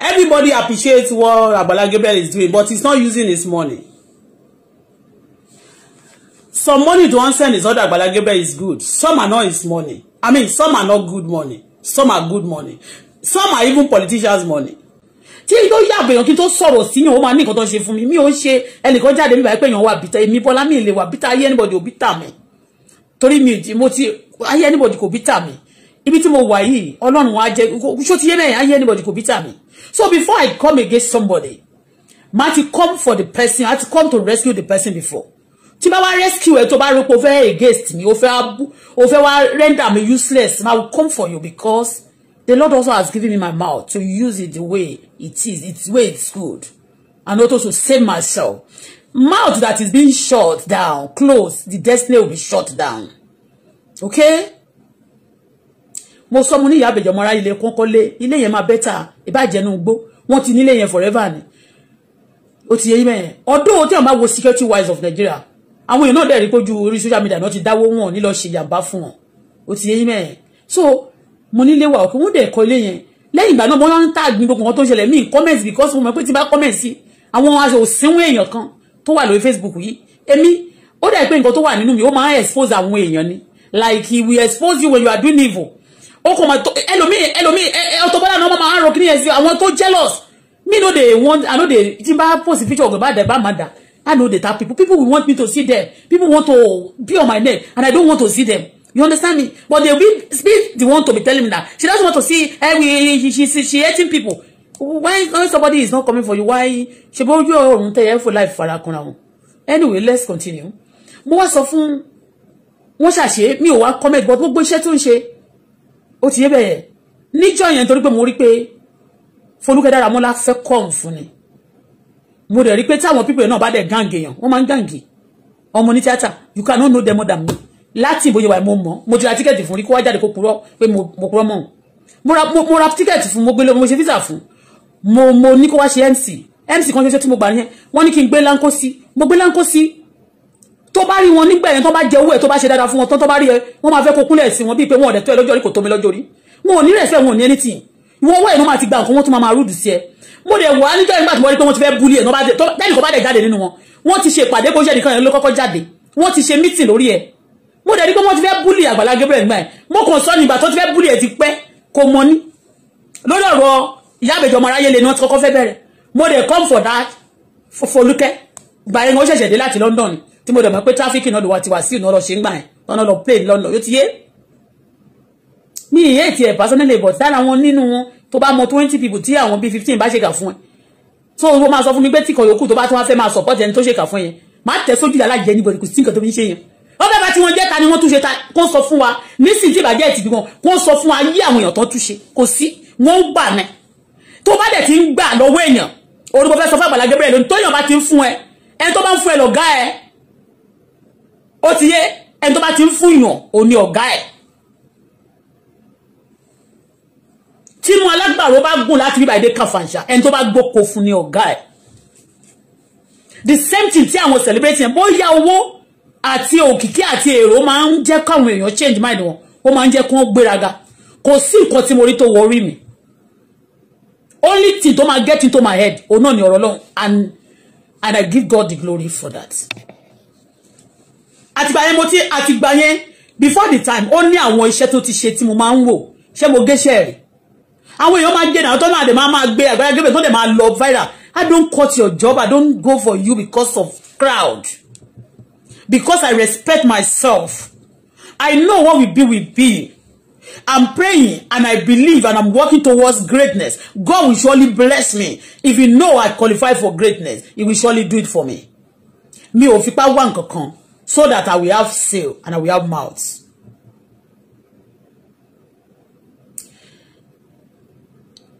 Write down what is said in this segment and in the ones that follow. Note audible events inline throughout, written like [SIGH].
everybody appreciates what Agbala Gabriel is doing but he's not using his money some money to answer his other Agbala Gabriel is good some are not his money I mean some are not good money some are good money some are even politicians money tí yóò yàgbé yàn kí tó sọ̀rọ̀ sí yàn ó máa ní nǹkan tó ṣe fún mi mi ò ń ṣe ẹnìkan jáde mi báyìí pé yàn wà bìtà èmi bọ́lá mi lè wà bìtà ayé anybody ò bìtà mi torí mi mo ti anybody kò bìtà mi ibi tí mo wà yìí ọlọ́run wa jẹ́ ṣó ti yé bẹ́ẹ̀ ayé anybody kò bí me. so before i come against somebody ma ti come for the person i ti come to rescue the person before tí bá wá rescue ẹ tó bá rí pé o against me, o fẹ́ o fẹ́ wá render me useless ma will come for you because the lord also has given me my mouth to use it the way it is it's way it's good and also to save myself mouth that is being shut down closed the destiny will be shut down okay mo sọ mo ní ìyá àbẹ̀jọ̀ mọ́ra ilé kọ́kọ́lé ilé yẹn máa bẹ́tà ìbàjẹ́nu gbó wọ́n ti nílé yẹn forever ni ó ti yẹ yín mẹ́yẹn ọdún tí wọ́n bá wo security wise of Nigeria àwọn èèyàn náà dẹ̀ rí pójú orí social media náà ti dáwó wọn ní lọ ṣe ìjàmbá fún wọn ó ti yẹ yín so mo nílé wa òkè wọ́n dẹ̀ kọ́ ilé yẹn lẹ́yìn ìgbà náà mo máa tag ní gbogbo wọn tó ń mi mí because mo mọ̀ pé tí bá comment sí àwọn aṣọ òsínwó èèyàn kan tó wà lórí Facebook yi. Emi ó dẹ̀ pé nǹkan tó wà nínú mi ó máa expose àwọn èèyàn ni like he will expose you when you are doing evil ó kò máa ẹlòmíì ẹlòmíì Auto Bola náà máa ń rọ kí ni ẹ sí àwọn tó jealous me no dey want i no dey tí n bá post picture ọ̀gbìn bá dẹ̀ bá máa dà i no dey tap people people will want me to see them people want to be on my neck and i don't want to see them you understand me but they will. be the one to be telling me that she doesn't want to see every eh, she she she hating people when when somebody is not coming for you why ṣe bó ojú ọ̀run tẹ̀yẹ for life fara kanra wọn anyway let's continue mo wá sọ fún wọn ṣàṣe mi ò wá comment but gbogbo iṣẹ́ tó ń ṣe O ti yé bẹ́ẹ̀ níjọ́ yẹn torí pé mo rí pé Folúkẹ́ Dáramọ́lá fẹ́ kọ́ọ̀n fún ni mo dẹ̀ rí pé táwọn pípẹ́ náà bá dẹ̀ gáǹgì yàn wọ́n máa ń gáǹgì ọmọ ní you cannot know them more than me lati ìbòye wa mo mọ̀ mo ti ra tíkẹ́ẹ̀tì fún rí kó wá jáde kó purọ́ pé mo purọ́ mọ́ mo ra tíkẹ́ẹ̀tì fún mo gbé lọ́wọ́ mo ṣe físà fún mo mo ni ko wa ṣe MC MC kan ṣoṣo tí mo gbà yẹn wọ́n ní kí n gbé láńkó mo gbé láńkó sí tó bá rí wọn nígbà yẹn tó bá jẹ owó ẹ tó bá ṣe dáadáa fún wọn tó bá rí ẹ wọn máa fẹ́ kó kúnlẹ̀ sí wọn bíi pé wọn ọ̀dẹ̀ tó ẹ lọ́jọ́ rí kò tó mi lọ́jọ́ rí wọn ò ní rẹ̀ fẹ́ wọn ò ní anything ìwọ owó ẹ̀ ló máa ti gba nǹkan wọn tó máa máa rúdù sí ẹ mo dẹ̀ wà níjọ́ ìgbà tí wọ́n rí pé wọ́n ti fẹ́ búlí ẹ̀ lẹ́yìn kò bá dẹ̀ jáde nínú wọn wọ́n ti ṣe ìpàdé kó jẹ́ nìkan yẹn ló kọ́kọ́ jáde wọ́n ti ṣe mítìn lórí ẹ̀ mo dẹ̀ rí come for that Fọlúkẹ́ gbà yẹn wọ́n ṣẹ̀ṣẹ̀ dé láti London ni tí mo dẹ̀ mọ̀ pé tráfíkì náà ló wá ti wá sí ìnáwó lọ ń gbà yẹn lọ́nà lọ plane lọ́nà yóò ti yé mi ìyé ètì ẹ̀ personally but lára wọn nínú wọn tó bá mọ twenty people tí àwọn bíi fifteen bá ṣèkà fún ẹ tó o máa sọ fún mi pé tí kò yòókù tó bá tó wá fẹ́ máa support ẹni tó ṣèkà fún yẹn máa tẹ̀ sójú ìyàlá jẹ́ níbo kò sí nǹkan tó fi ń ṣe yẹn wọ́n bẹ́ẹ̀ bá tí wọ́n jẹ́ ta ni wọ́n túnṣe ta kó sọ fún wa nísìnyí tí ìbàjẹ́ ìtìbí wọn kó sọ fún wa yí àwọn èèyàn tó túnṣe kò sí wọ́n ń gbà mẹ́ tó bá dẹ̀ ti ń gbà lọ́wọ́ èèyàn orúkọ fẹ́ sọ fún Àgbàlá Gabriel lónìí tóyàn bá ti ń fún ẹ ẹni tó bá ń fún ẹ lọ̀gá ẹ ó ti yé ẹni tó bá ti ń fúnyàn ò ní ọ̀gá ẹ̀ tí mo alágbàro bá gùn láti bíbá èdè kàfàǹṣà ẹni tó bá gbóko fún ní ọ̀gá ẹ̀ the same thing tí àwọn celebrate yẹn bóyá owó àti òkìkí àti èrò máa ń jẹ́ káwọn èèyàn change mind wọn ó máa ń jẹ́ kí wọ́n gbéraga kò sí nǹkan tí mo rí tó wọrí mi only thing tó máa get into my head òun náà ni ọ̀rọ̀ Ọlọ́run and and I give God the glory for that àtìgbà yẹn mo ti àtìgbà yẹn before the time ó ní àwọn iṣẹ́ tó ti ṣe tí mo máa ń wò ṣé mo géṣẹ́ rẹ̀ àwọn èèyàn máa ń jẹ́nà tó máa dẹ̀ máa máa gbé àgbàrá gbé tó dẹ̀ máa lọ viral I don't cut your job I don't go for you because of crowd because I respect myself I know what will be will be I'm praying and I believe and I'm working towards greatness. God will surely bless me. If you know I qualify for greatness, He will surely do it for me. Mi ò fipá wá nǹkan so that I will have sale and I will have mouth.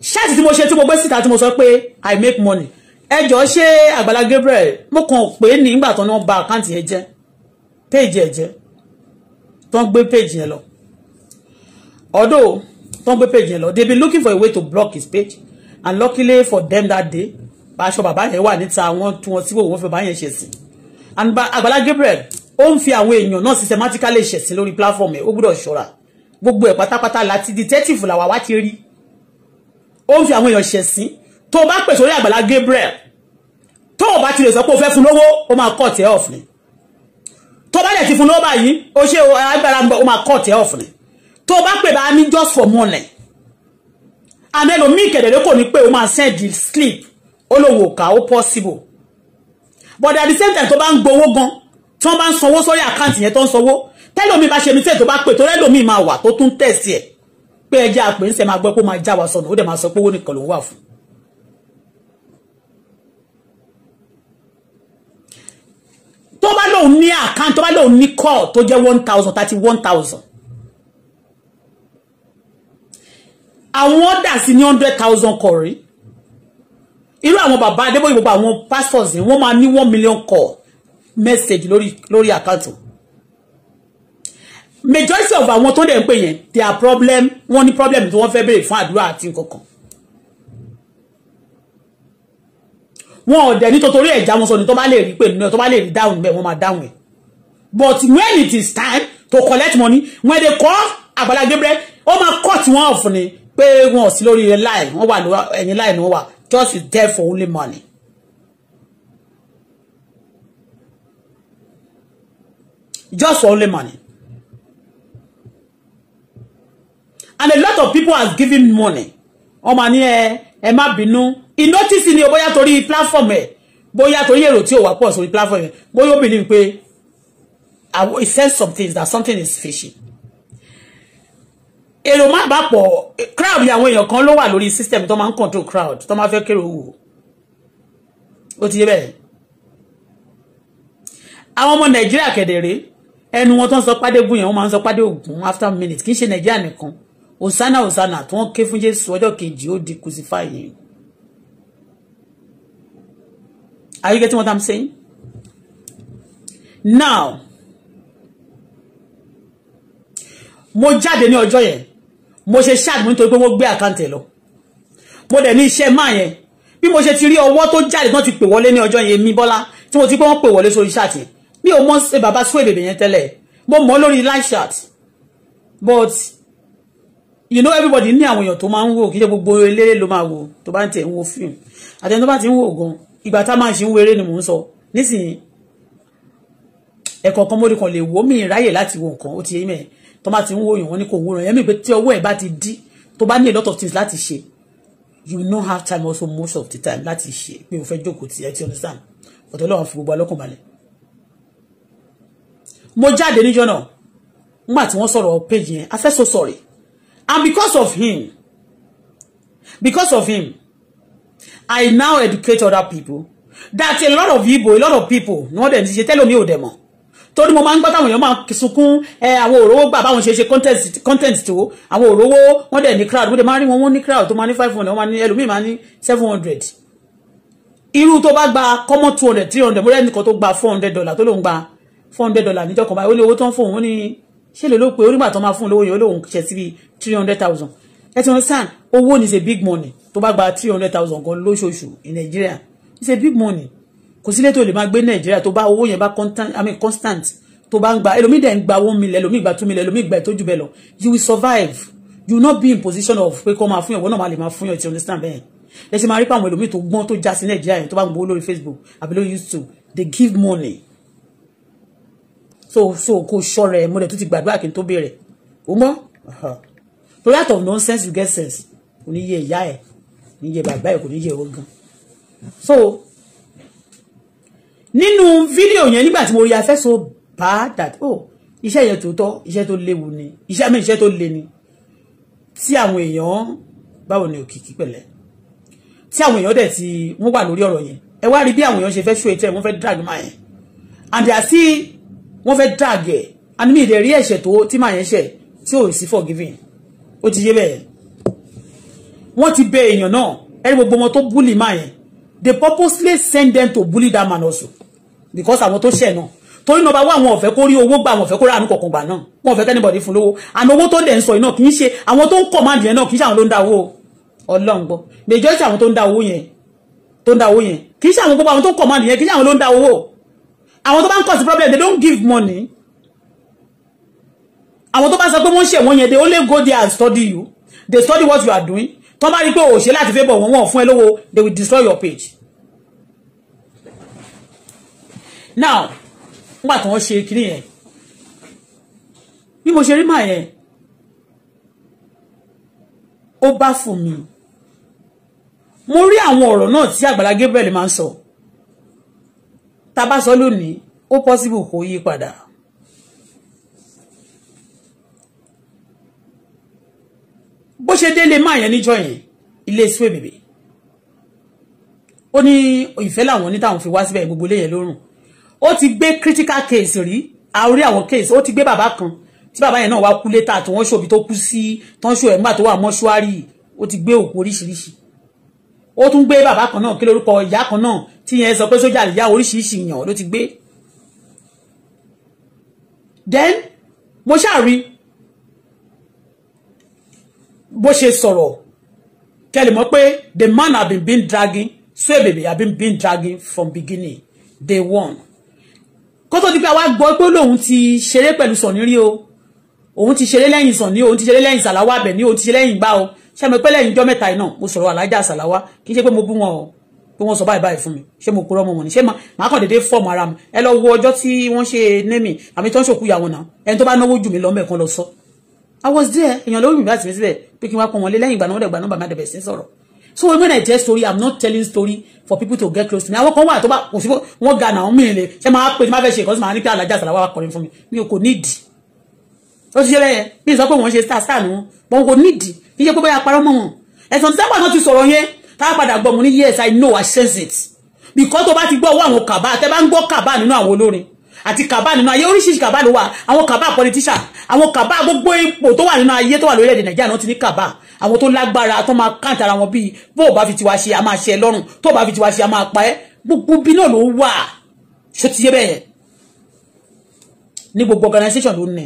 ṣáàtì tí mo ṣe tí mo gbé síta tí mo sọ pé I make money ẹ jọ̀ọ́ ṣé Àgbàlá Gabriel mo kàn pé nígbà tó náà ba àkáǹtì yẹn jẹ́ péèjì ẹ̀ jẹ́ tó ń gbé péèjì yẹn lọ although tó ń gbé péèjì yẹn lọ they been looking for a way to block his page and luckily for them that day aṣọ bàbá yẹn wà níta wọn tún wọn síbò wọn fẹ́ bá yẹn ṣe sí and Àgbàlá Gabriel ó ń fi àwọn èèyàn náà systematically ṣẹ̀sìn lórí platform ẹ̀ ó gbọ́dọ̀ ṣọ́ra gbogbo ẹ̀ pátápátá láti detective làwa wá ti rí ó ń fi àwọn èèyàn ṣẹ̀sìn tó bá pè sórí àgbàlá Gabriel tó o bá ti lè sọ pé o fẹ́ fún lówó ó máa cut ẹ off ni tó bá dẹ̀ ti fún lówó báyìí ó ṣe agbára ó máa cut ẹ off ni tó bá pè bá ní just for money àmì ẹlòmíì kẹ̀dẹ̀dẹ̀ kò ní pé o máa send the slip ó possible but at the same time tó bá ń gbowó tí wọ́n bá ń sanwó sórí àkáǹtì yẹn tó ń sanwó tẹ́lómi bá ṣe mi tẹ́ tó bá pè tó rẹ́lómi máa wà tó tún tẹ̀sí ẹ̀ pé ẹjẹ́ àpè ń sẹ́ máa gbọ́ pé ó máa já wa sọnù ó dẹ̀ máa sọ pé owó nìkan ló wà fún. tó bá lóun ní àkáǹtì tó bá lóun ní call tó jẹ́ one thousand thirty one thousand àwọn ọ̀dà sí ní hundred thousand kọ̀ rí irú àwọn bàbá adébóyè gbogbo àwọn pastors wọ́n máa ní one million call message lórí lórí àkáǹtì majority of àwọn tó dẹ̀ ń pè yẹn problem wọ́n ní problem tí wọ́n fẹ́ béèrè fún àdúrà àti nǹkankan wọn ò dẹ̀ ní tòtórí ẹ̀já wọn sọ ní tó bá lè rí pè nínú ẹ̀ tó bá lè rí dáhùn bẹ́ẹ̀ wọ́n máa dáhùn but when it is time to collect money when they call Agbala Gabriel ó máa cut wọn off ni pé wọn ò sí lórí ẹ̀ láì wọ́n wà ẹ̀yìn láì ni wọ́n just is there for only money just for only money. And a lot of people has given money. Ọmọ ni ẹ ẹ má He notice in o bóyá tori platform eh. Boya tori èrò tí ò wá platform ẹ̀ bóyá ó believe pé he said some things that something is fishy. Èrò má bá pọ̀ crowd ni àwọn èèyàn kan ló wà lórí system tó máa control crowd tó máa fẹ́ kéré owó. Ó ti yé bẹ́ẹ̀. Àwọn ọmọ Nàìjíríà kẹ̀dẹ̀ rèé ẹnu wọn tó ń sọ pàdé gùn yẹn wọ́n máa ń sọ pàdé ògùn after minute kì í ṣe nàìjíríà nìkan osana osana tí wọ́n ké fún jésù ọjọ́ kejì ó di crucify yẹn are you getting what i'm saying now mo jáde ní ọjọ́ yẹn mo ṣe ṣáàdì mo nítorí pé wọ́n gbé àkáǹtì lọ mo dẹ̀ ní iṣẹ́ máa yẹn bí mo ṣe ti rí ọwọ́ tó jáde náà ti pè wọlé ní ọjọ́ yẹn mi bọ́lá tí mo ti pé wọ́n pè wọlé sórí ṣáàtì yẹn mi ò mọ̀ ṣe bàbá Suwe bèbè yẹn tẹ́lẹ̀ mo mọ̀ lórí live chat but you know everybody ní àwọn èèyàn tó máa ń wò kí ṣe gbogbo eléré ló máa wò tó bá ń tẹ̀ ń wo fíìmù àtẹni tó bá ti ń wò gan ìgbà tá máa ṣe ń wéré ni mò ń sọ nísìnyí ẹ̀kọ́ kan mórí kan lè wò mí ráyè láti wo nǹkan ó ti yé mẹ́ tó bá ti ń wò yàn wọ́n ní kò wúran yẹn mi pé tí ọwọ́ ẹ̀ bá ti dí tó bá ní a lot of things láti ṣe you no have time also most of the time láti ṣe pé o fẹ́ jókòó ti ẹ ti understand ọ̀tọ̀ lọ́wọ́ fi gbogbo alọ́kùnbalẹ̀ mo jáde níjọ́ náà nígbà tí wọ́n sọ̀rọ̀ page yẹn i feel so sorry and because of him because of him i now educate other people that a lot of Igbo a lot of people ni wọ́n dẹ̀ ti ṣe tẹ́lẹ̀ omi ò dẹ̀ mọ̀ torí mo máa ń gbọ́ táwọn èèyàn máa sunkún ẹ àwọn òrówó gbà báwọn ṣe ṣe content tó àwọn òrówó wọ́n dẹ̀ ní crowd wọ́n dẹ̀ máa rí wọn wọ́n ní crowd tó máa ní five hundred wọ́n máa ní ẹlòmíì máa ní seven hundred irú tó bá gba common two hundred three hundred mo rẹ́ nìkan tó gba four hundred dollar tó ló ń gba four hundred dollar níjọ́ kan báyìí ó ní owó tó ń fún òun ní ṣé lè ló pé onígbà tó máa fún lówó yẹn ó lóun ṣe síbi three hundred thousand ẹ ti wọn sàn owó ni ṣe big money tó bá gba three hundred thousand kan lóṣooṣù in Nigeria it's a big money kò sílé tó lè máa gbé Nigeria tó bá owó yẹn bá constant I mean constant tó bá ń gba ẹlòmíì dẹ̀ ń gba one million ẹlòmíì gba two million ẹlòmíì gba ìtọ́jú bẹ́ẹ̀ lọ you will survive you will not be in position of pé kọ́ máa fún yàn wọ́n náà máa lè máa fún yàn ti understand bẹ́ẹ̀ ẹ ṣe máa rí pé àwọn ẹlòmíì tó gbọ́n tó já sí Nigeria yẹn tó bá ń gbowó lórí Facebook àbí lórí YouTube they give money so so kò ṣọ́ra ẹ̀ mo dẹ̀ tún ti gbàdúrà kí n tó bẹ̀rẹ̀ o mọ́ torí lot of nonsense you get sense kò ní yẹ ìyá ẹ̀ kò ní yẹ bàbá ẹ̀ kò ní yẹ ìwọ gan so nínú fídíò yẹn nígbà tí mo rí afẹ́ so bad that oh iṣẹ́ yẹn tòótọ́ iṣẹ́ tó léwu ni iṣẹ́ àmì iṣẹ́ tó le ni tí àwọn èèyàn báwo ni òkìkí pẹ̀lẹ́ tí àwọn èèyàn dẹ̀ ti wọ́n wà lórí ọ̀rọ̀ yẹn ẹ wá rí bí àwọn èèyàn ṣe fẹ́ ṣó etí ẹ̀ wọ́n fẹ́ drag máa yẹn and they are still wọ́n fẹ́ dàgẹ̀ and me, ìdẹ̀rí ẹ̀ṣẹ̀ to. tí màá yẹn ṣẹ̀ tí ò sí forgiving ó ti yé bẹ́ẹ̀ wọ́n ti bẹ èèyàn náà ẹni gbogbo wọn tó bully máa yẹn they purposely send them to bully that man also because àwọn tó ṣẹ̀ náà torí náà bá wá àwọn ọ̀fẹ́ kó rí owó gbà àwọn ọ̀fẹ́ kó rà àánú kọ̀ọ̀kan gbà náà wọn ọ̀fẹ́ kẹ́nìbọ̀dì fún lówó àná owó tó dẹ̀ ń sọ iná kì í ṣe àwọn tó ń command yẹn náà kì í ṣe àwọn ló ń da owó ọlọ́run gbọ́ majority àwọn tó ń da owó yẹn tó ń da owó yẹn kì í ṣe command yẹn kì í ṣe àwọn ló ń àwọn tó bá ń cause problem they don't give money àwọn tó bá sọ pé wọ́n ṣe wọ́n yẹn they only go there and study you they study what you are doing tó bá rí pé òṣè láti fẹ́ bọ̀ wọ́n wọ́n fún ẹ lówó they will destroy your page now nígbà tí wọ́n ṣe kiri yẹn bí mo ṣe rí màá yẹn ó bá fún mi mo rí àwọn ọ̀rọ̀ náà tí Àgbàlá Gabriel máa ń sọ. So tá a bá sọ lónìí ó possible kó yí padà. bó ṣe délé máa yẹn níjọ́ yẹn ilé sùn èbèbè ó ní ìfẹ́ làwọn ní fi wá síbẹ̀ gbogbo léyìn lórùn ó ti gbé critical case rí àórí àwọn case ó ti gbé bàbá kan tí bàbá yẹn náà wá kú létà tí wọ́n ṣòbí tó kú sí tán ṣò ẹ̀gbà tó wà mọ́ṣúárì ó ti gbé òkú oríṣiríṣi ó tún gbé bàbá kan náà kí lórúkọ ìyá kan náà tí yẹn sọ pé sójà níyà oríṣiríṣi yàn ló ti gbé then mo ṣàrí bó ṣe sọ̀rọ̀ kẹ́lẹ̀ pé the man have been been dragging so a have been been dragging from beginning day one kó tó di pé àwa gbọ́ pé lòun ti ṣeré pẹ̀lú sọ̀ní rí o òun ti ṣeré lẹ́yìn sọ̀ní òun ti ṣeré lẹ́yìn sàláwà bẹ̀ ní òun ti ṣeré lẹ́yìn gbá o ṣàmì pé lẹ́yìn ijọ́ mẹ́ta iná mo sọ̀rọ̀ alájà sàláwà kì í ṣe pé mo bú wọn o pé wọ́n sọ báyìí báyìí fún mi ṣé mo kúrọ́ mọ́ wọn ni ṣé màá kàn déédéé fọ́ọ̀mù ara mi ẹ lọ wo ọjọ́ tí wọ́n ṣe némi àmì tó ń ṣòkú ìyàwó náà ẹni tó bá náwó jù mí lọ́mọ̀ ẹ̀kan lọ sọ. I was there èèyàn lórí mi bá ti fi síbẹ̀ pé kí n wá pọ̀ wọn lé lẹ́yìn ìgbà náà wọ́n dẹ̀ gbà náà bàmí àdẹ̀bẹ̀ sí so when i tell story i'm not telling story for people to get close to me àwọn kan wà to bá kò sí wọn ga náà mi lè ṣe máa pè tí máa fẹ́ ṣe ìkọ́sí máa ní pé alájà sàlàwà wà kọrin mi mi kò nídìí ó ti ṣe bẹ́ẹ̀ mi sọ pé wọ́n ṣe star star ni wọ́n kò nídìí kí ṣe pé bóyá parọ́ mọ́ wọn ẹ̀sán tí sábà náà ti sọ̀rọ̀ yẹn tá a padà mo ní yes i know i sense it because tó bá ti gbọ́ owó àwọn kàbá tẹ́ bá ń gbọ́ kàbá nínú àwọn olórin àti kàbá nínú ayé oríṣiríṣi kàbá ló wà àwọn kàbá politician àwọn kàbá gbogbo ipò tó wà nínú ayé tó wà lórílẹ̀-èdè nàìjíríà náà ti ní kàbá àwọn tó lágbára tó máa káǹtà ara wọn bíi bó o bá fi tiwa ṣe a máa ṣe ẹ lọ́rùn tó o bá fi tiwa a máa pa ẹ́ gbogbo bí náà ló wà ṣó ti yé bẹ́ẹ̀ ní gbogbo organization ló ní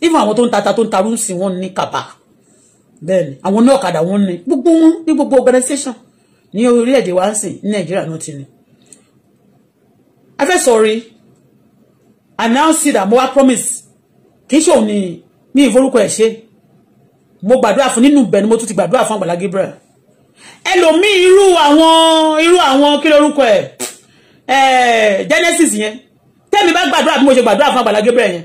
even àwọn tó ń tata tó ń tarú sí wọn ní kàbá bẹ́ẹ̀ni àwọn ní ọ̀kadà wọn ní gbogbo wọn ní gbogbo organisation ní orílẹ̀-èdè wa ń sìn ní nàìjíríà náà ti ní. afẹ́sọ̀rí i now see that mo wá promise kì í ṣe òun ni mi ìforúkọ ẹ̀ ṣe mo gbàdúrà fún nínú bẹ́ẹ̀ ni mo tún ti gbàdúrà fún Àgbàlá Gabriel ẹlòmíì irú àwọn irú àwọn kí lórúkọ ẹ̀ Genesis yẹn tẹ́mi bá gbàdúrà bí mo ṣe gbàdúrà fún Àgbàlá Gabriel yẹn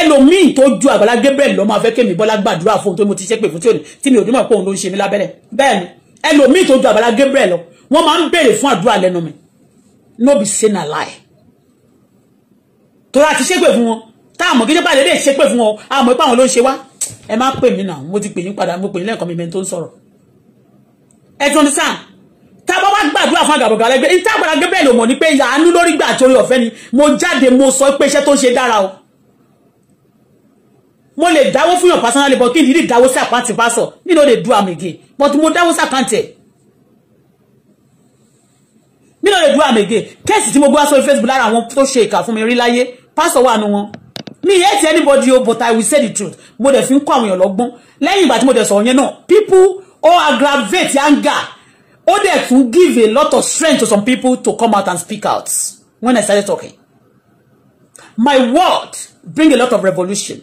ẹlòmíì tó ju Àgbàlá Gabriel lọ máa fẹ́ kémi Bọ́lá gbàdúrà fún tó mo ti ṣépè fún tí ò ní tí mi ò ní mọ̀ pé òun ló ń ṣe mí lábẹ́rẹ́ bẹ́ẹ̀ ni ẹlòmíì tó ju Àgbàlá Gabriel lọ wọ́n máa ń béèrè fún àdúrà lẹ́nu mi no be say na lie torí a ti ṣépè fún wọn tá àmọ́ kí nípa lè lè ṣépè fún wọn àmọ́ ipá wọn ló ń ṣe wá ẹ má pè mí náà mo ti pè yín padà mo pè yín lẹ́ẹ̀kan mi mi tó ń sọ̀rọ̀ ẹ ti understand tá bá wá gbàdúrà fún àgàbọ̀gà lẹ́gbẹ́ ìta Àgbàlá Gabriel ò mọ̀ ní pé ìyá àánú lórí gbà torí ọ̀fẹ́ ni mo jáde mo sọ pé iṣẹ́ tó ń ṣe dára o mo lè dáwó fún yàn personally but kí n dídì dáwó sí àkáǹtì mi no dey do am again but mo dáwó sí àkáǹtì ẹ mi no dey do am again kéèsì tí mo gbọ́ sórí Facebook lára àwọn tó ṣe ìkà fún mi rí láyé pásọ wà nù wọn mi hate anybody o but I will say the truth mo dẹ̀ fi ń kọ́ àwọn èèyàn lọ́gbọ́n lẹ́yìn ìgbà tí mo dẹ̀ sọ̀rọ̀ yẹn náà people all aggravate anger ó dẹ̀ tún give a lot of strength to some people to come out and speak out when I started talking my word bring a lot of revolution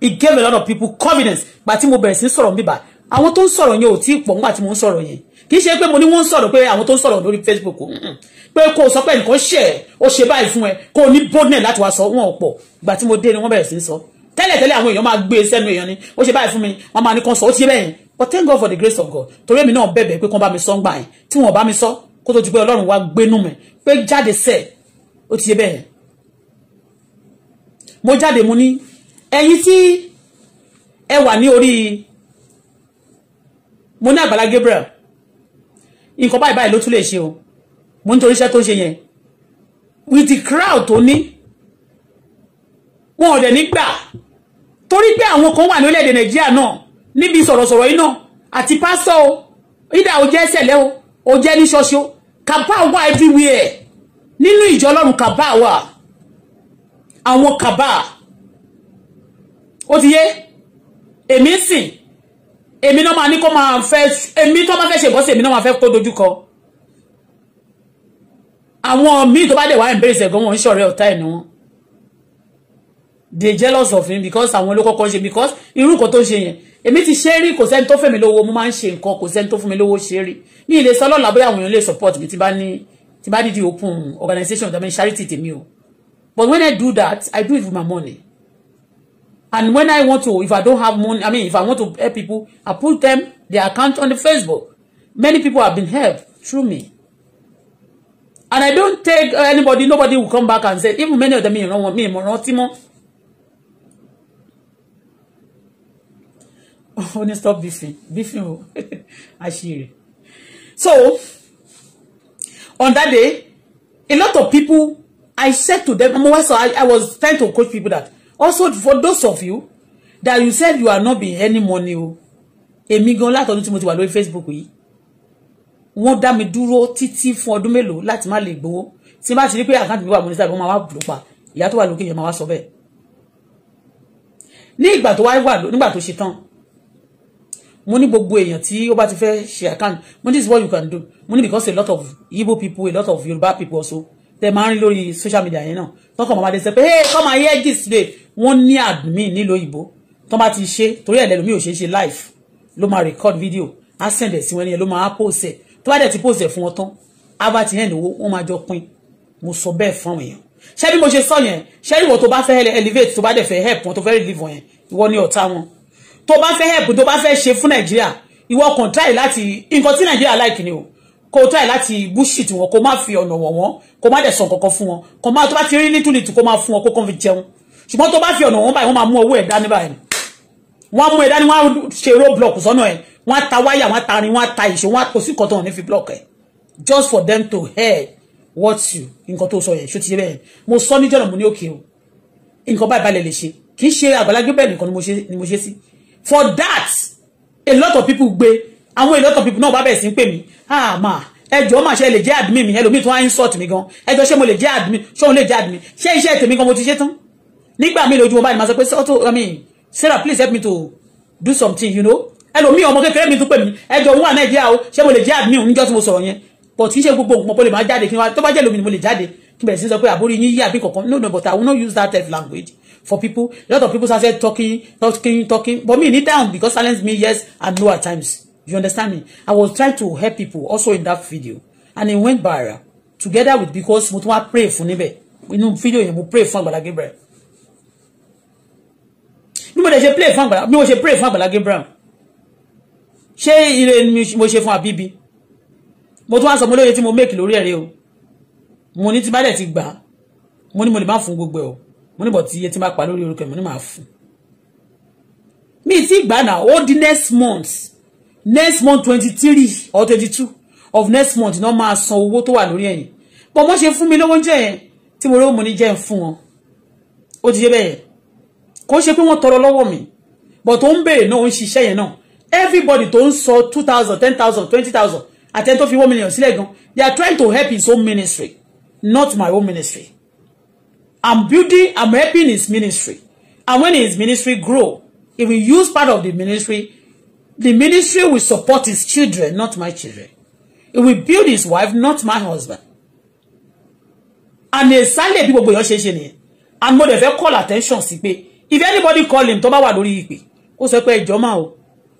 it gave a lot of people confidence gba tí mo bẹ̀rẹ̀ sí sọ̀rọ̀ bíbà àwọn tó ń sọ̀rọ̀ yẹn ò tí ì pọ̀ nígbà tí mo ń sọ̀rọ̀ yẹn kì í ṣe pé mo ní wọ́n ń sọ̀rọ̀ pé àwọn tó ń sọ̀rọ̀ lórí Facebook pé kò sọ pé nǹkan ṣe ẹ̀ ó ṣe báyìí fún ẹ kò ní boldness láti wá sọ wọn ò pọ̀ ìgbà tí mo dé ni wọ́n bẹ̀rẹ̀ sí sọ tẹ́lẹ̀ tẹ́lẹ̀ àwọn èèyàn máa gbé e sẹ́nu èèyàn ni ó ṣe báyìí fún mi wọ́n máa ní kan sọ ó ti bẹ́ẹ̀ but thank God for the grace of God torí èmi náà bẹ̀bẹ̀ pé kán bá mi sọ ń gbà yẹn tí wọ́n bá mi sọ kó tó ti pé Ọlọ́run wá gbénú mi pé jáde sẹ́ẹ̀ ó ti bẹ́ẹ̀ mo jáde mo ní ẹ̀yin tí ẹ wà ní orí mo ní Àgbàlá Gabriel nǹkan báyìí báyìí ló tún lè ṣe o mo nítorí iṣẹ́ tó ṣe yẹn with the crowd tó ní wọn ò dẹ̀ nígbà torí pé àwọn kan wà ní orílẹ̀-èdè Nàìjíríà náà níbi sọ̀rọ̀sọ̀rọ̀ yìí náà àti pásọ̀ o ìdá ò jẹ́ ẹsẹ̀ lẹ́wọ̀ ò jẹ́ ní ṣọ́ṣọ́ kàbá wà everywhere nínú ìjọ ọlọ́run kàbá wà àwọn kàbá ó ti Emi èmi Emi èmi náà máa ní kó máa fẹ́ èmi tó bá fẹ́ ṣe ìbọ́sẹ̀ èmi náà máa fẹ́ kó dojú kọ àwọn míì tó bá dẹ̀ wá embrace ẹ̀gbọ́n wọn ń ṣọ̀rẹ́ ọ̀tá ẹ̀ ni they jealous of him because àwọn ló kọ́kọ́ ṣe because irú nǹkan tó ń ṣe yẹn ti ṣe rí kò sẹ́ni tó fẹ́ mi lówó mo máa ń ṣe nǹkan kò sẹ́ni tó mi lówó ṣe rí ní ilé sọ lọ́la bóyá àwọn èèyàn lè support mi tí ni ní tí di nídìí open organization tàbí charity tèmi o but when I do that I do it with my money And when I want to, if I don't have money, I mean, if I want to help people, I put them, their account on the Facebook. Many people have been helped through me. And I don't take anybody, nobody will come back and say, even many of them, you know, me, Monotimo. Only stop beefing. Beefing o. [LAUGHS] Àṣírí. So, on that day, a lot of people, I said to them, I was trying to coach people that also for those of you that you said you are not being any money o emi gan látọdún tí mo ti wà lórí Facebook yìí wọ́n dá mi duro titi fún ọdún mélòó láti má lè gbowó tí n bá ti rí pé àkáǹtì mi wà mọ́nísà bí wọ́n máa wá bùrù pa ìyá tó wà lókè yẹn máa wá sọ bẹ́ẹ̀ ní ìgbà tó wá wà nígbà tó ṣe tán mo ní gbogbo èèyàn tí ó bá ti fẹ́ ṣe àkáǹtì mo this is what you can do mo ní because a lot of Igbo people a lot of Yoruba people also They máa ń rí social media yẹn náà tọkàn mọ́ adé sẹ pé hey come and hear this today wọ́n ní admin nílò òyìnbó tó bá ti ṣe torí ẹ̀ lẹ́nu mi ò ṣe é ṣe live ló máa record video á send ẹ̀ sí wọn ẹni ló máa post ẹ̀ tó bá dẹ̀ ti post ẹ̀ fún wọn tán á bá ti hẹ́ndì owó wọ́n máa jọ pín mo sọ bẹ́ẹ̀ fún àwọn èèyàn ṣé bí mo ṣe sọ yẹn ṣé ìwọ tó bá fẹ́ elevate tó bá dẹ̀ fẹ́ help wọn tó fẹ́ relieve wọn yẹn ìwọ ni ọ̀tá wọn tó bá fẹ́ help tó bá fẹ́ ṣe fún nàìjíríà ìwọ kàn try láti nǹkan tí nàìjíríà like ni o kó try láti bullshit wọn kó má fi ọ̀nà wọ̀ wọ́n kó má dẹ̀ sọ nǹkan kan fún wọn kó má tó bá ti rí nítòlítì kó má fún wọn kó kàn fi jẹun ṣùgbọ́n tó bá fi ọ̀nà wọn báyìí wọ́n máa mú owó ẹ̀ dání báyìí wọ́n mú ẹ̀ dání wọ́n ṣe roadblock sọ́nà ẹ̀ wọ́n ta wáyà wọ́n ta rin wọ́n ta ìṣó wọ́n kò sí kọ́tọ̀ ní block ẹ̀ just for them to hear what you nǹkan tó sọ yẹn ṣó ti yẹ bẹ́ẹ̀ mo sọ ní jọ̀nà mo ní òkè o nǹkan báyìí balẹ̀ lè ṣe kì í ṣe àgbàlagbé bẹ́ẹ̀ nìkan ni mo ṣe sí for that a lot of people gbé àwọn a lot of people náà bá bẹ̀rẹ̀ sí ń pè mí ah máa ẹjọ́ máa ṣe lè jẹ́ admin mi ẹlòmíì tó wá insult mi gan ẹjọ́ ṣé mo lè jẹ́ admin ṣé òun lè jẹ́ admin ṣé iṣẹ́ tèmi gan mo ti ṣe tán nígbà míì lójúmọ́ báyìí máa sọ pé sọ́tò i mean sarah please help me to do something you know ẹlòmíì ọmọ kékeré mi tún pè mí ẹjọ òun wà nàìjíríà o ṣé mo lè jẹ àdmí òun níjọ́ tí mo sọ̀rọ̀ yẹn but kì í ṣe gbogbo nǹkan mo lè máa jáde kí n wá tó bá jẹ́ lómi mo lè jáde kí n bẹ̀rẹ̀ sí sọ pé àbórí yín yí àbí kankan no no but i will not use that language for people a lot of people started talking talking talking but me need down because silence me yes and no at times you understand me i was trying to help people also in that video and it went viral together with because mo tún wá pray fún níbẹ̀ inú fídíò yẹn mo pray fún Agbala bí mo dẹ̀ ṣe play fún àgbàlá bí mo ṣe pray fún àgbàlá Gabriel ṣé ire ni mo ṣe fún àbíbi mo tún wá sọ mo lóye tí mo make lórí ẹ̀rẹ́ o mo ní tí bá dẹ̀ ti gbà mo ní mo lè má fún gbogbo ẹ̀ o mo ní bọ̀ tí iye tí máa pa lórí orúkọ mi ní máa fún mi ti gbà náà ó di next month next month twenty three or twenty two of next month No máa san owó to wà lórí ẹ̀yìn bọ̀ mo ṣe fún mi lówó jẹ́ yẹn tí mo rówó mo ní jẹ́ ń fún wọn ti yé bẹ́ẹ̀ kò ṣe pé wọ́n tọrọ lọ́wọ́ mi but ó ń béèrè náà ó ń ṣiṣẹ́ yẹn náà everybody tó ń sọ two thousand ten thousand twenty thousand àtẹni tó fi one million sílẹ̀ gan they are trying to help his own ministry not my own ministry i'm building i'm helping his ministry and when his ministry grow if we use part of the ministry the ministry will support his children not my children it will build his wife not my husband and a sunday bí gbogbo èèyàn ṣe ṣe nìyẹn and mo dẹ̀ fẹ́ call attention sí pé if anybody call him tó bá wà lórí ìpè ó sọ pé ẹjọ́ máa o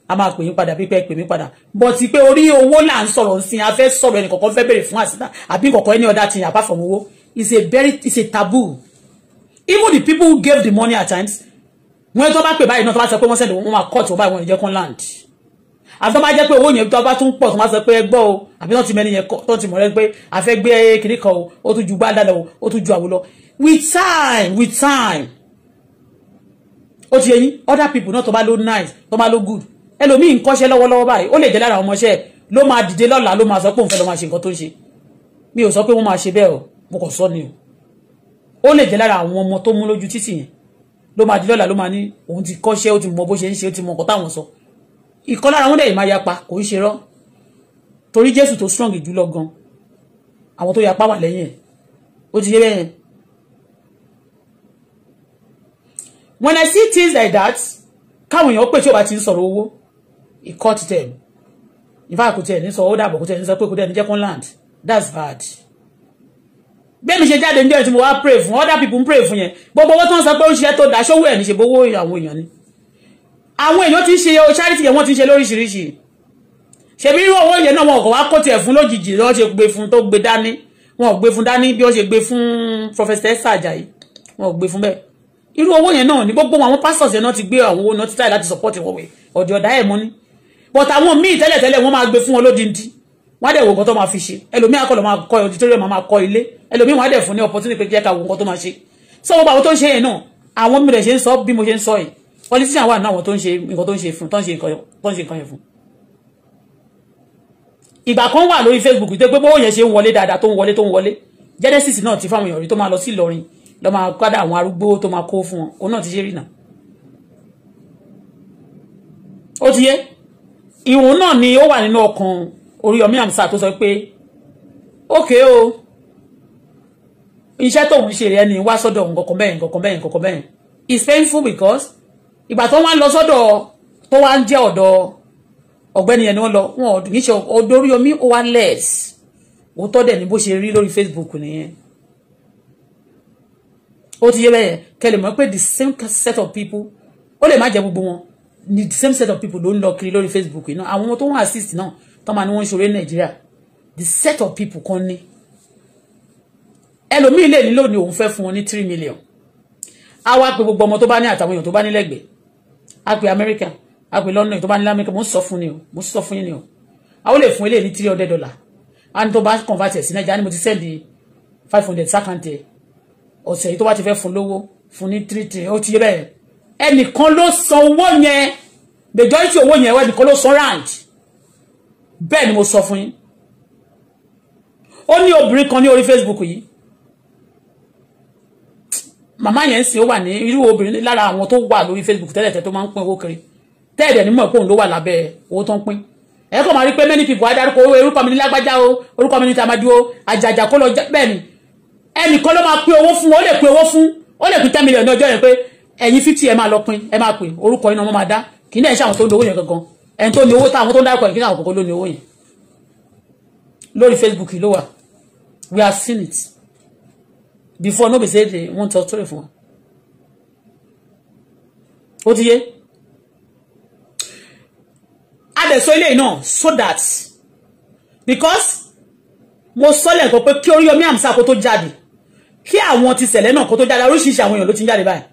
a máa pè yín padà bí pé pè mí padà but pé orí owó là ń sọ̀rọ̀ ń sin a fẹ́ sọ̀rọ̀ ẹnì kọ̀ọ̀kan fẹ́ béèrè fún àsìdá àbí kọ̀ọ̀kan any other thing apart from owó is a very is a taboo even the people who gave the money at times wọ́n tó bá pè báyìí náà tó bá sọ pé wọ́n sẹ́ni wọ́n máa cut wọ́n báyìí wọ́n lè jẹ́ kán land àti tó bá jẹ́ pé owó yẹn tó bá tún pọ̀ tó máa sọ pé ẹ gbọ́ o àbí tó ti mẹ́ni yẹn tó ti mọ̀ rẹ́ pé a fẹ́ gbé kiri kan o ó tún ju gbá dáadáa o ó tún ju àwo with time with time ó ti yẹyin other people náà tó bá ló nice tó bá ló good ẹlòmíì ń kọ́ṣẹ́ lọ́wọ́lọ́wọ́ báyìí ó lè jẹ́ lára ọmọ iṣẹ́ ló máa dìde lọ́la ló máa sọ pé òun fẹ́ lọ́ máa ṣe nǹkan tó ń ṣe mi ò sọ pé wọ́n máa ṣe bẹ́ẹ̀ o mo kàn sọ ni o ó lè jẹ́ lára àwọn ọmọ tó mú lójú títì yẹn ló máa di lọ́la ló máa ní òun ti kọ́ṣẹ́ ó ti mọ bó ṣe ń ṣe ó ti mọ nǹkan táwọn sọ ìkan lára wọn dẹ̀ máa yapa kò ń ṣe rọ́ torí Jésù tó strong jù lọ gan àwọn tó yapa wà lẹ́yìn ẹ̀ ó ti yé bẹ́ẹ̀ when i see things like that káwọn èèyàn pè tí o bá ti ń sọ̀rọ̀ owó e cut them in fact kò tiẹ̀ ní sọ ó dàbọ̀ kò tiẹ̀ ní sọ pé kò tiẹ̀ ní jẹ́ kún land that's bad bẹ́ẹ̀ni ṣe jáde níjọ́ tí mo wá pray fún other people ń pray fún yẹn gbogbo owó tó ń sọ pé ó ń ṣiṣẹ́ tó dá ṣówó ẹ̀ ní ṣe gbowó àwọn èèyàn ni àwọn èèyàn ti ń ṣe charity yẹn wọ́n ti ń ṣe lóríṣiríṣi ṣèbí irú owó yẹn náà wọn kò wá kó tiẹ̀ fún lójijì lọ́ọ́ ṣe gbé fún tó gbé dání wọn ò gbé fún dání bí wọ́n ṣe gbé fún Professor Esther Ajayi wọn ò gbé fún bẹ́ẹ̀ irú owó yẹn náà ni gbogbo àwọn pastors yẹn náà ti gbé àwọn owó náà títà láti support wọn wẹ̀ ọ̀dẹ̀ ọ̀dá ẹ̀ mọ́ni but àwọn míì tẹ́lẹ̀ tẹ́lẹ̀ wọ́n máa gbé fún wọn lódindi wọ́n á dẹ̀ wo nǹkan tó máa fi ṣe ẹlòmíì akọ̀lọ̀ máa kọ́ auditorium máa kọ́ ilé ẹlòmíì wọ́n á dẹ̀ fún ní opportunity pé kí ẹ ka wo nǹkan tó máa ṣe so gbogbo àwọn tó ń ṣe yẹn náà àwọn mi rẹ̀ ṣe ń sọ bí mo ṣe ń sọ yìí politician wà náà àwọn tó ń ṣe nǹkan tó ń ṣe fún tó ń ṣe nǹkan yẹn fún ìgbà kan wà lórí Facebook tó pé bó yẹn ṣe ń wọlé dáadáa tó ń wọlé tó ń wọlé Genesis náà ti fáwọn èèyàn rí tó máa lọ sí lọ máa kádà àwọn arúgbó tó máa kó fún wọn òun náà ti ṣe rí náà ó ti yé ìwọ̀n náà ni ó wà nínú ọkàn Oríyọmí Hamzat tó sọ pé ókè o iṣẹ́ tóun ṣe ẹni wá sọ́dọ̀ nǹkan bẹ́ẹ̀ nǹkan bẹ́ẹ̀ nǹkan bẹ́ẹ̀ it's painful because ìgbà tó wá ń lọ sọ́dọ̀ tó wá ń jẹ́ ọ̀dọ̀ ọ̀gbẹ́ni ẹni wọ́n lọ wọn ò dùn níṣẹ́ ọdọ Oríyọmí ó wá less òótọ́ dẹ̀ ni bó ṣe rí lórí Facebook nìyẹn ó ti yé bẹ́ẹ̀ kẹlẹ̀ mọ́ pé the same set of people ó lè má jẹ́ gbogbo wọn ni the same set of people ló ń lọ kiri lórí Facebook náà àwọn ọmọ tó ń assist náà tó máa ní wọ́n ń ṣeré Nàìjíríà the set of people kan ní ẹlòmíì lè nílò ni òun fẹ́ fún wọn ní three million á wá pé gbogbo ọmọ tó bá ní àtàwọn èèyàn tó bá ní lẹ́gbẹ̀ẹ́ á pé Amẹ́ríkà á pé London tó bá ní lamẹ́ríkà mo ń sọ fún ni o mo ń sọ fún yín ni o àwọn lè fún ilé ní three hundred dollar á ní tó bá convert ẹ̀ sí Nàìjíríà ni mo ti send five hundred sákàǹtì ẹ̀ ọ̀sẹ̀ yìí tó bá ti fẹ́ fún lówó fún ní three three ó ti yé bẹ́ẹ̀ ẹnìkan ló san owó yẹn majority owó yẹn ẹnìkan ló san rand bẹ́ẹ̀ ni mo sọ fún yín ó ní obìnrin kan ní orí Facebook yìí màmá yẹn sì ó wà ní irú obìnrin lára àwọn tó wà lórí Facebook tẹ́lẹ̀tẹ́ tó máa ń pín owó kiri tẹ́ẹ̀dẹ̀ ní mọ̀ pé òun ló wà lábẹ́ owó tó ń pín ẹ̀kọ́ máa rí pé many people adarúkọ orúkọ mi ní lágbájá o orúkọ mi ní tamadu o àjàjà kó lọ bẹ́ẹ̀ ni ẹnìkan ló máa pín owó fún ó lè pín owó fún ó lè pín ten million ní ọjọ́ yẹn pé ẹ̀yin fifty ẹ máa lọ pín ẹ máa pín orúkọ iná wọn máa dá kì í náà ṣe àwọn tó ń lo owó yẹn gangan ẹni tó ní owó táwọn tó ń dárúkọ yẹn kí náà kọ́kọ́ ló ní owó yẹn lórí Facebook ló wà we have seen it before no be say they want to talk fún wa ó ti yé a dẹ̀ sọ eléyìí náà so that because mo sọ lẹ́ẹ̀kan pé kí Oríyọmí Àmsà kó tó jáde kí àwọn ti sẹ̀lẹ̀ náà kó tó jáde oríṣiríṣi àwọn èèyàn ló ti ń jáde báyìí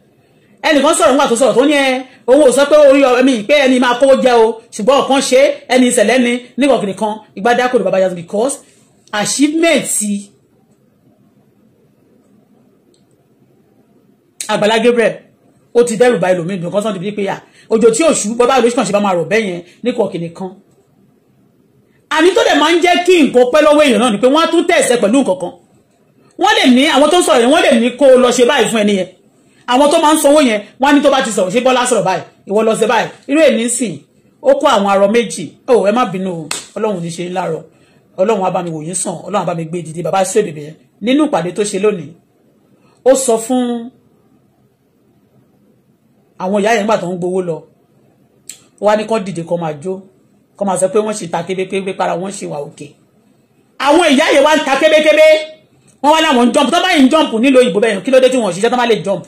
ẹnìkan sọ̀rọ̀ nígbà tó sọ̀rọ̀ tó ní ẹ owó sọ pé orí ẹmí pé ẹni máa kówó jẹ o ṣùgbọ́n ọ̀kan ṣe ẹni ìṣẹ̀lẹ̀ ni nígbàkiri kan ìgbádá kò lè bàbá yàtọ̀ because achievement Àgbàlá Gabriel ó ti dẹ́rù ba ẹlòmíì nǹkan sọ́n ti bí pé à òjò tí òṣù bọ́ báyìí lóṣùkàn ṣe bá máa rọ̀ bẹ́ẹ̀ yẹn nígbàkiri nìkan àní tó dẹ̀ máa ń jẹ́ kí nǹkan pẹ́ lọ́wọ́ èèyàn náà ni pé wọ́n á tún tẹ̀sẹ̀ pẹ̀lú nǹkan kan wọ́n lè ní àwọn tó ń sọ̀rọ̀ yẹn wọ́n lè ní kó o lọ ṣe báyìí fún ẹni yẹn àwọn tó máa ń sanwó yẹn wọ́n á ní tó bá ti sọ̀rọ̀ ṣé bọ́lá sọ̀rọ̀ báyìí ìwọ lọ ṣe báyìí irú èmi ń ó kó àwọn arọ méjì ó ẹ má bínú ọlọ́run ní ṣe ń ọlọ́run á sàn ọlọ́run á gbé dìde bàbá sí òbí yẹn nínú ìpàdé tó ṣe lónìí ó sọ fún àwọn ìyá yẹn nígbà tó ń gbowó lọ wá ní kán dìde kán máa jó kán máa sọ pé wọ́n ṣì ta kébékébé para wọ́n ṣì wà òkè àwọn ìyá yẹn wá ń ta kébékébé wọ́n wá láwọn jump tó bá yìí jump nílò ìbò bẹ́yìn kí ló dé tí wọ́n ṣiṣẹ́ tó bá lè jump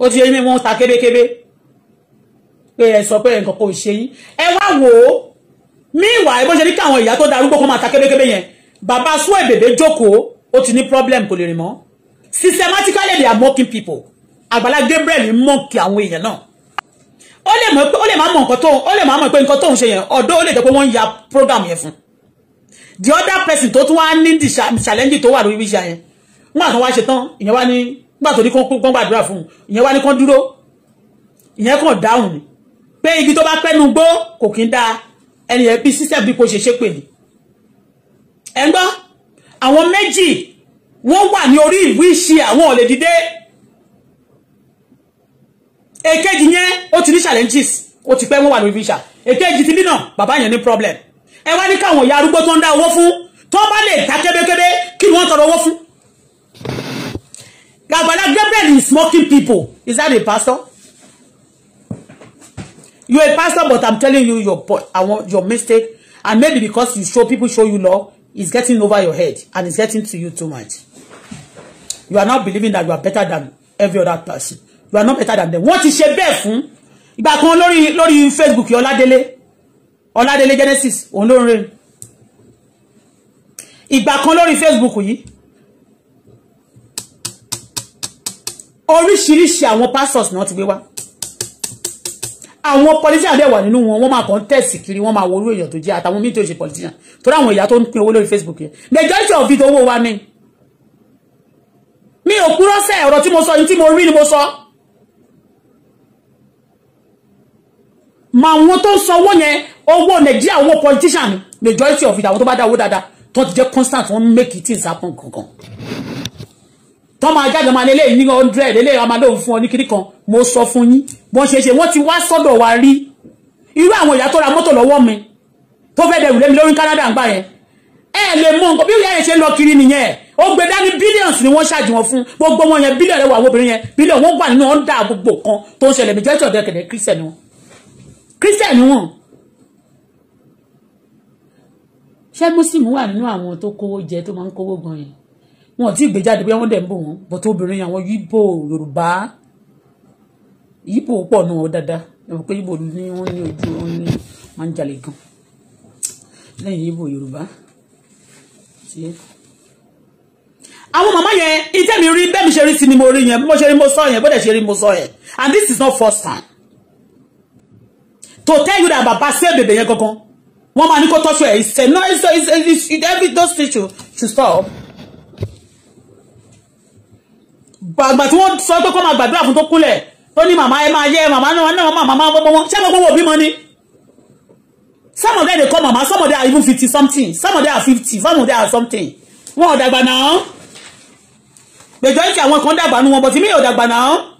ó ti yẹ mí wọ́n ta kébékébé pé ẹ sọ pé nǹkan kò ṣe yín ẹ wá wò ó meanwhile bó ṣe ní kí àwọn ìyá tó darúgbó kó máa ta kébékébé yẹn bàbá sún èbèbè jókòó ó ti ní problem kò lè rìn systematically they are mocking people àgbàlá Gabriel mọ́ọ̀kì àwọn èèyàn náà ó lè má mọ̀ nǹkan tó ó lè má mọ̀ pé nǹkan tó ń ṣe yẹn ọ̀dọ́ ó lè jẹ́ pé wọ́n ń ya program yẹn fún the other person tó tún wá ní the challenge tó wà lórí wíṣà yẹn nígbà tó wá ṣe tán ìyẹn wá ní nígbà tó ní kán gbàdúrà fún un ìyẹn wá ní kán dúró ìyẹn kàn dáhùn ni pé igi tó bá pẹ́nu gbó kò kí ń da ẹni yẹn bí sísẹ́ bí kò ṣe ṣe pè ní. ẹ ń gbọ́ àwọn méjì wọ́n wà ní orí ìwé ìṣe àwọn ọ̀lẹ́ dídé èkejì yẹn ti ní challenges ó ti pẹ́ wọ́n wà lórí ìṣà èkejì ti nínà bàbá yẹn ní problem ẹ wá ní káwọn ìyá arúgbó tó ń dá owó fún tó bá lè ta kébékébé kí ni wọ́n tọrọ owó fún. Agbala Gabriel is smoking people. Is that a pastor? You a pastor, but I'm telling you your want your mistake. And maybe because you show people show you law, it's getting over your head and it's getting to you too much. You are now believing that you are better than every other person. You are not better than them. Wọ́n ti ṣe bẹ́ẹ̀ fún ìgbà kan lórí lórí Facebook Ọládélé ọládélé genesis òun ló ń rè kan lórí facebook yìí oríṣiríṣi àwọn pastors náà ti gbé wá àwọn politician dẹ̀ wà nínú wọn wọ́n máa kàn tẹ̀sì kiri wọ́n máa worú èèyàn tó jẹ́ àtàwọn míì tó ṣe politician torí àwọn ìyá tó ń pín owó lórí facebook yẹn majority of it owó wa ni mi ò se ọ̀rọ̀ tí mo sọ yìí mo rí ni mo So mà àwọn tó ń san owó yẹn Nigeria, nàìjíríà owó politician majority of it àwọn tó bá dá owó dáadáa tó ti jẹ́ constant wọ́n make things happen kankan tó máa jáde máa lélẹ̀ ní hundred lélẹ̀ a máa lóun fún ọ ní kiri kan mo sọ fún yín bọ́n ṣe ṣe wọ́n ti wá sọ́dọ̀ wa rí irú àwọn ìyá tó ra mọ́tò lọ́wọ́ mi tó fẹ́ dẹrù lẹ́mi lórí Canada ńgbà yẹn ẹ lè mọ nǹkan bí ìyá yẹn ṣe ń lọ kiri nìyẹn ó gbé dání billions ni wọ́n ṣáàjì wọn fún gbogbo wọn yẹn billion rẹwà àwọn obìnrin yẹn billion wọn gbà nínú ọ̀ndà gbogbo kan tó ń ṣẹlẹ̀ méjì ẹ̀ṣọ̀ dẹ̀kẹ̀dẹ̀ Christian wọn christian ni wọ́n ṣé muslim wà nínú àwọn tó kówó jẹ tó máa ń kówó gan yẹn wọn ò tí ì gbé jáde bóyá wọ́n dẹ̀ ń bò wọ́n bọ́tọ̀ obìnrin àwọn yíbò yorùbá yíbò pọ̀ náà wọ́n dáadáa ẹ̀rọ pé yíbò ni wọ́n ní ojú wọn ní máa ń jalè gan lẹ́yìn yíbò yorùbá àwọn màmá yẹn ìtẹ́mi rí bẹ́ẹ̀ mi ṣe rí sí ni mo rí yẹn bí mo ṣe rí mo sọ yẹn bó dẹ̀ ṣe rí mo sọ yẹn and this is not first time to tell you that bàbá ṣe bèbè yẹn kankan wọ́n máa ní kó tọ́sọ ẹ̀ ṣe no it's it's it's it every those teach you to stop. gbàgbà tí wọ́n So pé kó máa gbàdúrà fún tó kúnlẹ̀ tó ní màmá ẹ máa mama màmá náà náà màmá máa bọ́ wọn ṣé mo gbọ́ wò bímọ ni. some of them they come mama some of them are even fifty something some of them are fifty some of them are something wọn ò now? náà gbèjọ́ ìṣe àwọn kan dàgbà nu wọn bọ̀ tí mi ò dàgbà náà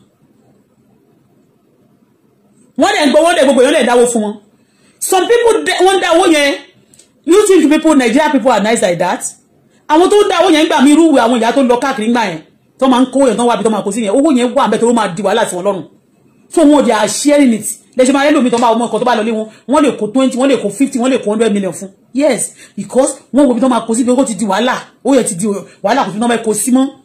wọ́n dẹ̀ ń gbọ́ wọ́n gbogbo èèyàn lè dáwó fún wọn some people wọ́n dáwó yẹn you think people Nigeria people are nice like that àwọn tó ń dáwó yẹn gbà mí irú ìwé àwọn ìyá tó ń lọ káàkiri gbà yẹn tó máa ń kó yẹn tó ń wá ibi tó máa kó sí yẹn owó yẹn wà mẹ́tọ́ ló máa di wàhálà sí wọn lọ́rùn so wọn ò dẹ̀ àṣẹ́rìn nìtì lẹ́sẹ̀ máa rẹ́lòmí tó máa ọmọ ọkọ̀ tó bá lọ lé wọn wọ́n lè kó twenty wọ́n lè kó fifty wọ́n lè kó hundred million fún yes because wọ́n wo ibi tó máa kó sí ibi ó ti di wàhálà ó yẹ ti di wàhálà kò tún náà máa kó sí mọ́